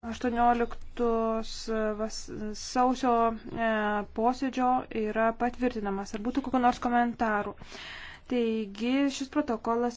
18 e, sausio e, posėdžio yra patvirtinamas. Ar būtų kokiu nors komentaru? Taigi šis protokolas.